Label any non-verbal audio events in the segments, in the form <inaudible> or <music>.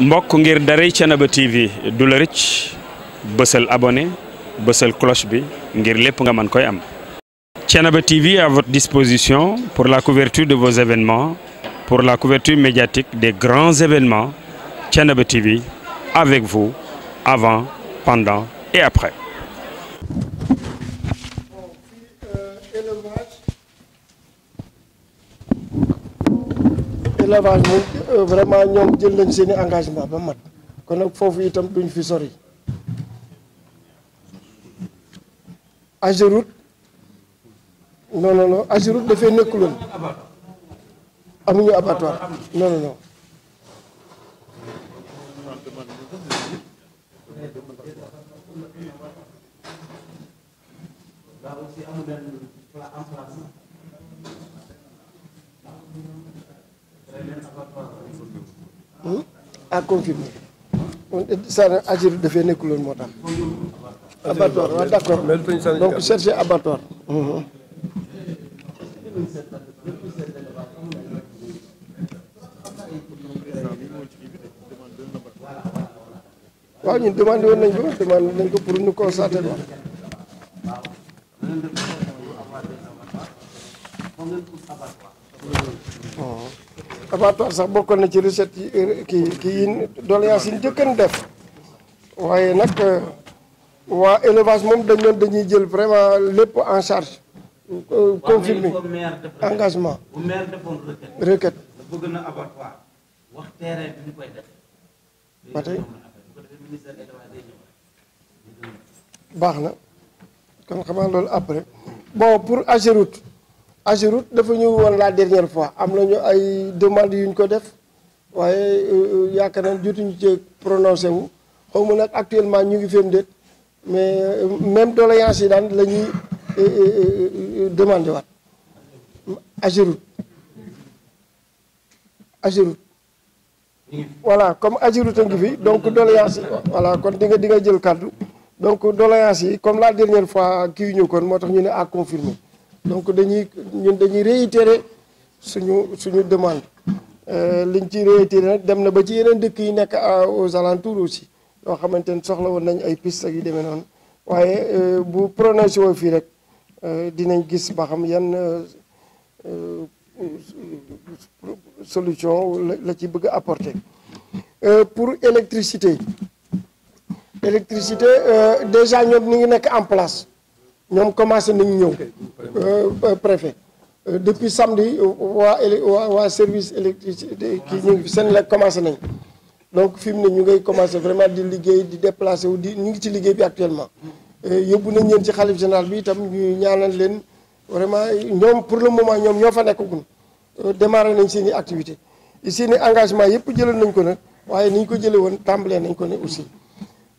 mbokk ngir daray Thiénaba TV du la rëcc bësal abonné bësal cloche bi ngir lépp nga mën koy am Thiénaba TV à votre disposition pour la couverture de vos événements pour la couverture médiatique des grands événements Thiénaba TV avec vous avant pendant et après euh, élevage moom euh, vraiment ñoom jël nañ seeni i engagement ba mat kon nag foofu itam duñ fi sori Ageroute non non non Ageroute dafay nekkuloon amuñu abattoir non non non Hmm? a confirmé ça agir dafee nekkul woon moo tax abattoir waaw d'accord donc chercher abattoir hmm. waaw ñun demandé woon nañ ko demandé nañ ko pour ñu constater ko waaw waaw abattoir sax bokkoon na ci recette yi euh, kii kii yi njëkka yi def waaye nag euh, waa élevage moom dañ doon dañuy jël vraiment lépp en charge euh, confirmé engagement requête ba baax na kon xamaa loolu après bon pour Ageroute Ageroute dafa ñu woon la dernière fois am nañu ay demande yu ñu ko def waaye euh, yaakaar naa jotuñu ci prononcé wu xaw ma nag actuellement ñu ngi fem déet mais euh, même doléance yi daan la ñuy euh, demandé waat Ageroute Ageroute voilà comme Ageroute a ngi fi donc doléance yi kon di nga di nga jël kàddu donc doléance yi comme la dernière fois kii ñu kon moo tax ñu ne à confirmer donc dañuy ñun dañuy réitérer suñu suñu demande euh, liñ ci réitérer nag dem na ba ci yeneen dëkk yi nekk aux alentours aussi yoo xamante ne soxla woon nañ ay piste ak yu demee noonu waaye euh, bu prononcé woo fii rek euh, dinañ gis ba xam yan solution la ci bëgg apporter pour électricité électricité déjà ñoom ñu ngi nekk en place ñoom commencé nañ ñëw euh, préfet euh, depuis samedi waa éle waa waa service électricité kii ñu ngi seen la commencé nañ donc fi mu ne ñu ngay commencé vraiment di liggéey di déplacé wu di ñu ngi ci liggéey bi actuellement euh, yóbbu nañ leen ci xalif général bi itam ñu ñaanal leen vraiment ñoom pour le moment ñoom ñoo fa nekkagun démarré nañ seen i activité seen i engagement yëpp jëloon nañ ko nag waaye ni ñu ko jëlee woon tàmbalee nañ ko ne aussi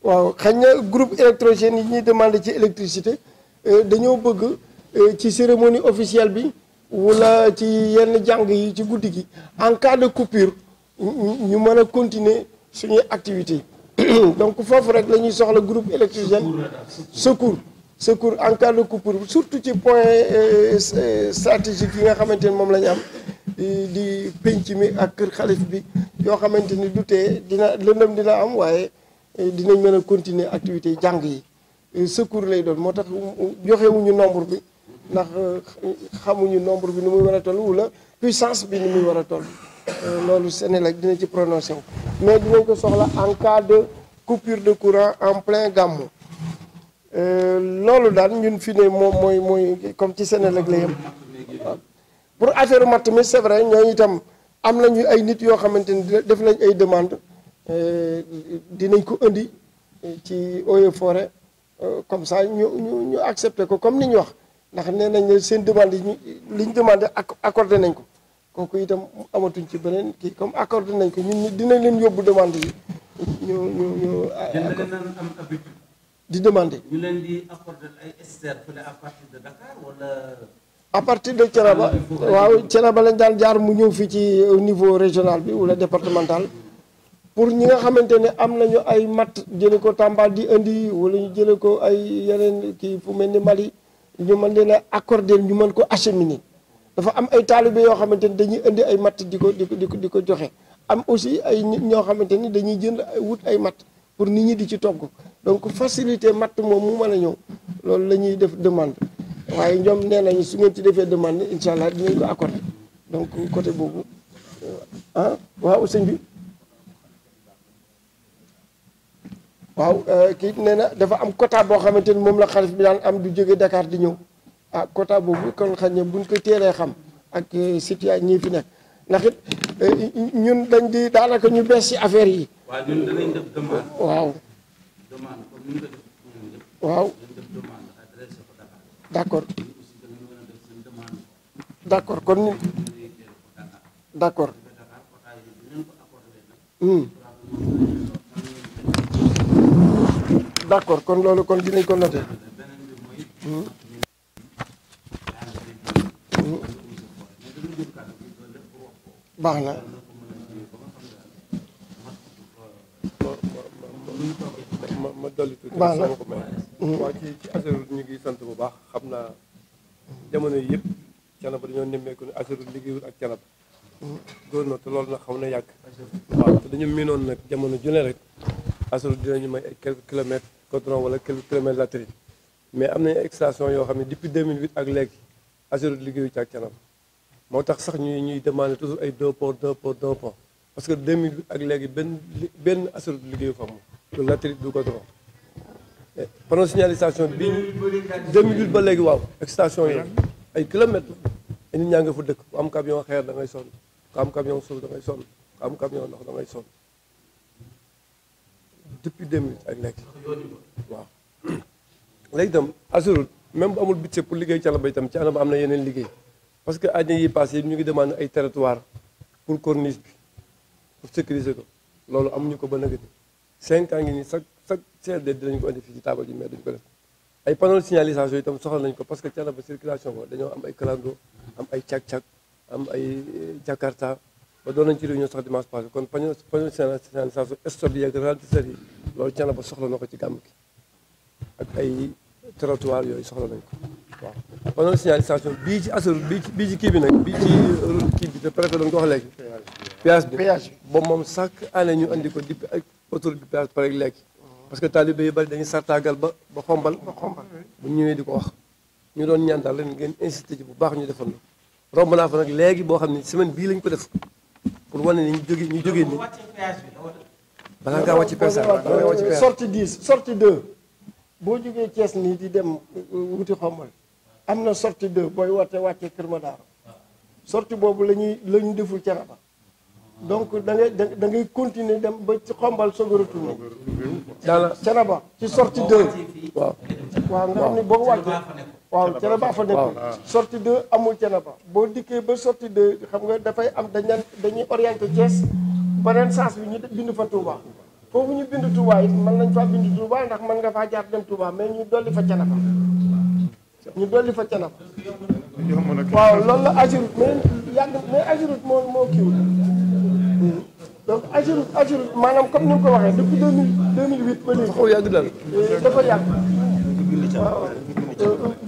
waaw xañ na groupe électrogène yi ñuy demandé ci électricité Euh, dañoo bëgg euh, ci cérémonie officielle bi wala ci yenn jàng yi ci guddi gi en cas de coupure ñu mën a continuer suñuy activité <clears throat> donc foofu rek la ñuy soxla groupe électrogène secours secours en cas de coupure surtout ci point euh, stratégique yi nga xamante ni moom la ñu am di penc mi ak kër xalif bi yoo xamante ni du tee dina lëndëm dina am waaye dinañ mën a continuer activité jàng yi Euh, secours lay doon moo tax joxewuñu nombre bi ndax euh, xamuñu nombre bi nu muy war a toll wala puissance bi nu muy war a toll euh, loolu Senelec dina ci prononcé wu mais dinañ ko soxla en cas de coupure de courant en plein gàmmu loolu daal ñun fi ne moom mooy mooy comme ci Senelec la yem pour affaire matt mi c'est vrai ñooñu itam am nañu ay nit yoo xamante ni def nañ ay demande dinañ ko indi ci eaux et Euh, comme ça ñu ñu ñu accepté ko comme ni ñu wax ndax nee nañ seen demande yi ñu li ñu demandé accordé nañ ko kooku itam amatuñ ci beneen kii comme accordé nañ ko ñun dina leen yóbbu demande yi ñu ñu ñu. Ah, di demande ñu leen à partir de Dakar wala. à partir de Thiénaba ah, waaw Thiénaba lañ daan jaar mu ñëw fii ci euh, au niveau régional bi wala départemental. pour ñi nga xamante ne am nañu ay matt jële ko Tamba di indi wala ñu jële ko ay yeneen kii fu mel ni mbali ñu man leen a accordé ñu mën ko acheminer dafa am ay taalibe yoo xamante ni dañuy indi ay matt di ko di ko di ko di ko joxe am aussi ay nit ñoo xamante ni dañuy jënd ay wut ay matt pour nit ñi di ci togg donc facilité matt moom mu mën a ñëw loolu la ñuy def demande waaye ñoom nee nañu su ngeen ci defee demande incha allah dinañ ko accordé donc côté boobu euh, ah, waaw waaw euh, kii nee na dafa am quota boo xamante ni moom la xalif bi daan am du jóge Dakar di ñëw ah quota boobu kon xañ ne buñ ko teelee xam ak situation euh, ñii fi nekk ndax it euh, ñun ñu ci affaire yi. accord. kon accord. d' accord kon loolu kon dinañ ko noté. baax na. ma ma dolli tuuti baax na waaw ci ci Azerul ñu ngi sant bu baax xam naa jamono yi yëpp canaba dañoo nemmeeku ne Azerul liggéeyul ak canaba. góor na loolu nag xam na yàgg. waaw te dañu miinoon nag jamono ju rek. Azerul dinañu may ay quelques kilomètres. goudron wala kilomètre latérine mais am nañ extraction yoo xam ne depuis 2008 ak léegi Ageroute liggéeyu ca ak canam moo tax sax ñuy ñuy demandé toujours ay deux ponts deux ponts deux ponts parce que 2008 ak léegi benn benn Ageroute liggéeyu fa moom du latérite du goudron panneau signalisation bi 2008 ba léegi waaw extraction yooyu ay kilomètres ay nit ñaa nga fa dëkk ku am camion xeer da ngay sonn ku am camion suuf da ngay sonn ku am camion ndox da ngay sonn depuis 2000 ak nekk waaw léegi tam Azurut même bu amul budget pour liggéey Thiénaba itam ci anam am na yeneen liggéey parce que année yi passé ñu ngi demandé ay territoire pour corniche bi pour sécuriser ko loolu amuñu ko ba nagati cinq ans ngi nii chaque chaque CRD dinañu ko indi ji mais def ay panneaux de itam soxla nañ ko parce que Thiénaba circulation ko dañoo am ay clando am ay cak-cak am ay eh, jakarta ba doon nañ ci réunion sax dimanche passé kon paño paño sensibilisation stock yi ak ralentisseurs yi loolu cana ba soxla na ko ci gàmm gi ak ay trottoir yooyu soxla nañ ko waaw panneau signalisation bii ci asur bii bii ci kii bi nag bii ci kii bi te préfet doon ko wax léegi péage bi boobu moom chaque année ñu andi ko di ak autoroute bi péage pare parce que taalibe yu bari dañuy sartaagal ba ba xombal bu ñëwee di ko wax ñu doon ñaan daal leen ngeen insisté bu baax ñu defoon na romb naa fa nag léegi boo xam ne semaine bii lañ ko def pour wane ni ñu jógee ñu jógee nii. balaa ngaa wàcc pexe bi sortie 10 sortie 2 boo jógee cees nii di dem euh, euh, wuti xombal am na sortie 2 booy woote wàcce Kër Madar sortie boobu la ñuy la deful ca Rabat donc da ngay da ngay continuer dem ba ci xombal soog a retourné. ci sortie 2. waaw nga xam ne boo wàccee. waaw Thiénaba fa nekkoon sortie 2 amul Thiénaba boo dikkee ba sorti de xam nga dafay am dañu dañuy orienté Thiès beneen sens bi ñu bind fa Touba foofu ñu bind Touba it mën nañ faa bind Touba ndax mën nga faa jaar dem Touba mais ñu dolli fa Thiénaba ñu dolli fa Thiénaba waaw loolu la Ageroute mais yàgg mais Ageroute moo moo kiiwul donc Ageroute Ageroute maanaam comme ni nga ko waxee depuis deux mille deux mille huit ba léegi eh, dafa yàgg waaw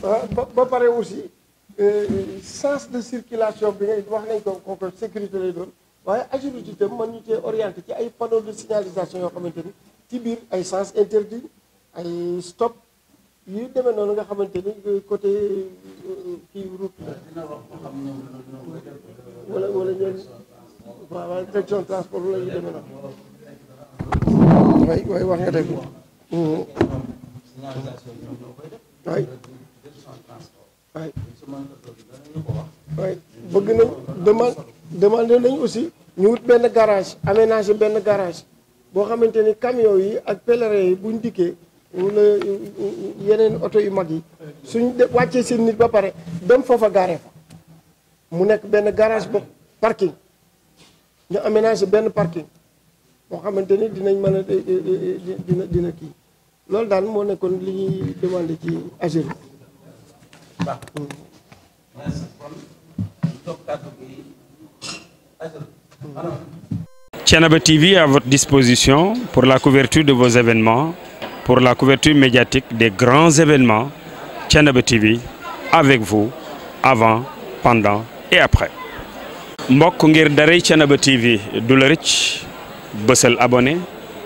ba ba pare aussi euh, sens de circulation bi ngay wax nañ ko kooku sécurité lay doon waaye agilité tam mën ñu cee orienté ci ay panneaux de signalisation yoo xamante ni ci biir ay sens interdit ay stop yu demee noonu nga xamante ni euh, côté euh, kii route wala wala ñoom waaw direction transport la ñu demee noonu. waay waay wax nga dëgg. Hmm. waay. waay bëgg nañ demande demandé nañ aussi ñu wut benn garage aménagé benn garage boo xamante ni camion yi ak pèlerin yi bu ñu dikkee wala yeneen oto yu mag yi suñ wàccee seen nit ba pare dem foofa gaare fa mu nekk benn garage bopp parking ñu aménage benn parking boo xamante ni dinañ mën a dina dina kii loolu daal moo nekkoon li ñuy demandé ci agir ndax pour Thiénaba TV à votre disposition pour la couverture de vos événements, pour la couverture médiatique des grands événements. Thiénaba TV avec vous avant, pendant et après. mbokk ngir daray Thiénaba TV du la rëcc bësal abonné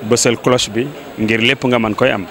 bësal cloche bi ngir lépp nga mën koy am.